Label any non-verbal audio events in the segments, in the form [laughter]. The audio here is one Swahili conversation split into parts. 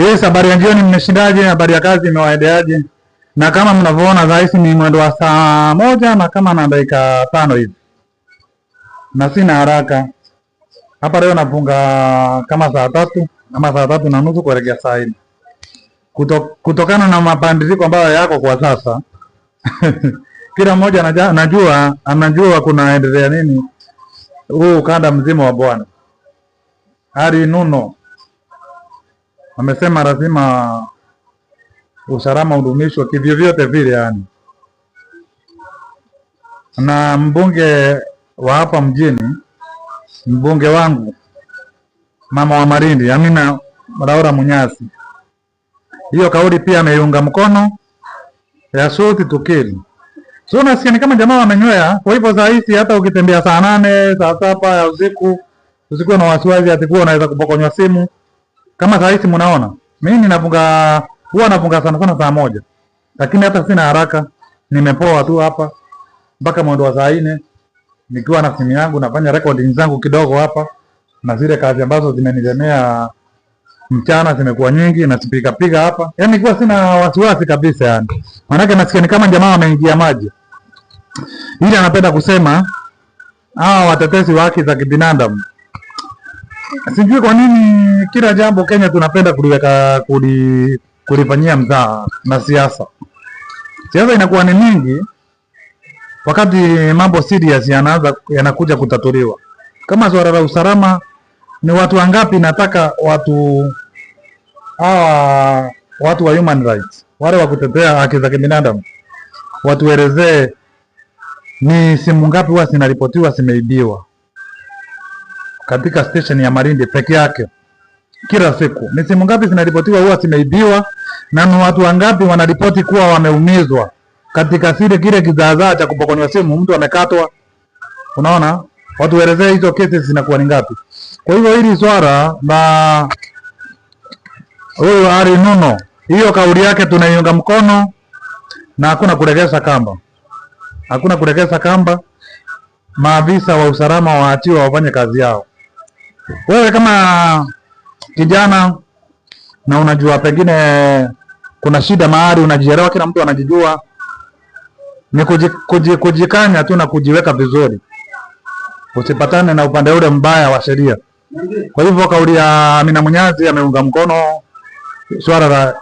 Yes, habari ya jioni, mmeshindaje? Habari ya kazi imewaendeaje? Na kama mnavyoona dhahisi ni mwendo wa saa moja na kama na dakika tano hivi, na sina haraka hapa. Leo nafunga kama saa tatu ama saa tatu na nusu kuelekea saa hii, Kuto, kutokana na mapandiziko ambayo yako kwa sasa [laughs] kila mmoja najua, anajua kunaendelea nini huu ukanda mzima wa Bwana hali nuno amesema lazima usalama udumishwe kivyovyote vile, yani na mbunge wa hapa mjini, mbunge wangu mama wa Malindi Amina Laura Munyasi, hiyo kauli pia ameiunga mkono ya suti tukiri. So nasikia ni kama jamaa wamenywea. Kwa hivyo saa hizi hata ukitembea saa nane saa saba ya usiku usikuwe na wasiwasi, atikuwa unaweza kupokonywa simu kama saa hizi mnaona mimi ninafunga, huwa nafunga sana sana saa moja, lakini hata sina haraka, nimepoa tu hapa mpaka mwendo wa saa nne nikiwa na simu yangu nafanya recording zangu kidogo hapa, na zile kazi ambazo zimenilemea mchana zimekuwa nyingi na sipiga piga hapa, yani kwa sina wasiwasi kabisa, yani maanake nasikia ni kama jamaa wameingia maji. Ili anapenda kusema hawa watetezi wa haki za kibinadamu Sijui kwa nini kila jambo Kenya tunapenda kuliweka kuli, kulifanyia mzaa na siasa. Siasa inakuwa ni mingi, wakati mambo serious yanaanza yanakuja kutatuliwa, kama swala la usalama. Ni watu wangapi nataka watu hawa watu wa human rights wale wa kutetea haki za kibinadamu watuelezee ni simu ngapi huwa zinaripotiwa zimeibiwa katika stesheni ya Malindi peke yake kila siku. Ni simu ngapi zinaripotiwa huwa zimeibiwa, na ni watu wangapi wanaripoti kuwa wameumizwa katika sile kile kizaazaa cha kupokonywa simu, mtu amekatwa. Unaona, watu waelezee hizo kesi zinakuwa ni ngapi? Kwa hivyo hili swala na huyu Ari Nuno, hiyo kauli yake tunaiunga mkono na hakuna kuregesha kamba, hakuna kuregesha kamba. Maafisa wa usalama waachiwa wafanye kazi yao. Wewe kama kijana na unajua pengine kuna shida mahali unajielewa, kila mtu anajijua, ni kujikanya kuji, tu na kujiweka vizuri, usipatane na upande ule mbaya wa sheria. Kwa hivyo kauli ya Amina Munyazi ameunga mkono swala la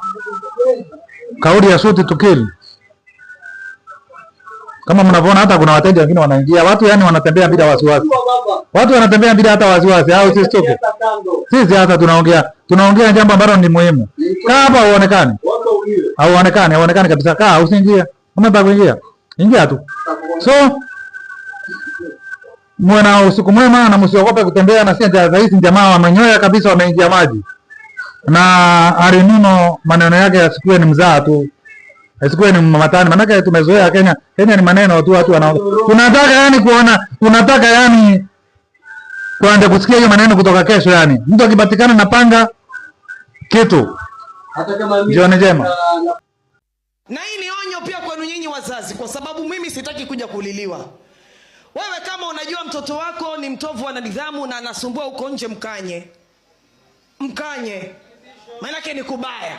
kauli ya suti tukili kama mnavyoona hata kuna wateja wengine wanaingia, watu yani wanatembea bila wasiwasi. Watu wanatembea bila hata wasiwasi, au sisi tuko sisi hata tunaongea tunaongea jambo ambalo ni muhimu. Kaa hapa uonekane, au uonekane, uonekane kabisa. Kaa usiingie, umeba kuingia, ingia tu. So muwe na usiku mwema na msiogope kutembea na sisi. ndio Hizi jamaa wamenyoya kabisa, wameingia maji na arinuno, maneno yake ya siku ni mzaa tu. Asikuwe ni mamatani, maanake tumezoea Kenya. Kenya ni maneno tu, watu wana tunataka yani kuona, tunataka yani kuanza kusikia hiyo maneno kutoka kesho. Yani mtu akipatikana na panga kitu, hata kama jioni njema. Na hii ni onyo pia kwenu nyinyi wazazi, kwa sababu mimi sitaki kuja kuliliwa. Wewe kama unajua mtoto wako ni mtovu wa nidhamu na anasumbua huko nje, mkanye, mkanye, maanake ni kubaya.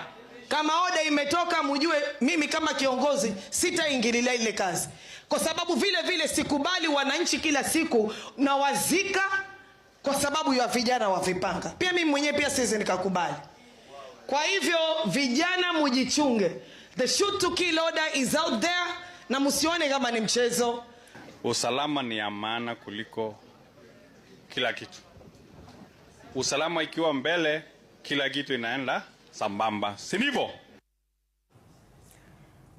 Kama oda imetoka, mjue mimi kama kiongozi sitaingilia ile kazi, kwa sababu vile vile sikubali wananchi kila siku na wazika kwa sababu ya vijana wa vipanga. Pia mimi mwenyewe pia siwezi nikakubali. Kwa hivyo vijana, mujichunge, the shoot to kill order is out there, na msione kama ni mchezo. Usalama ni amana kuliko kila kitu. Usalama ikiwa mbele, kila kitu inaenda sambamba, si ndivyo?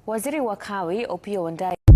Waziri wa Kawi Opiyo Wandayi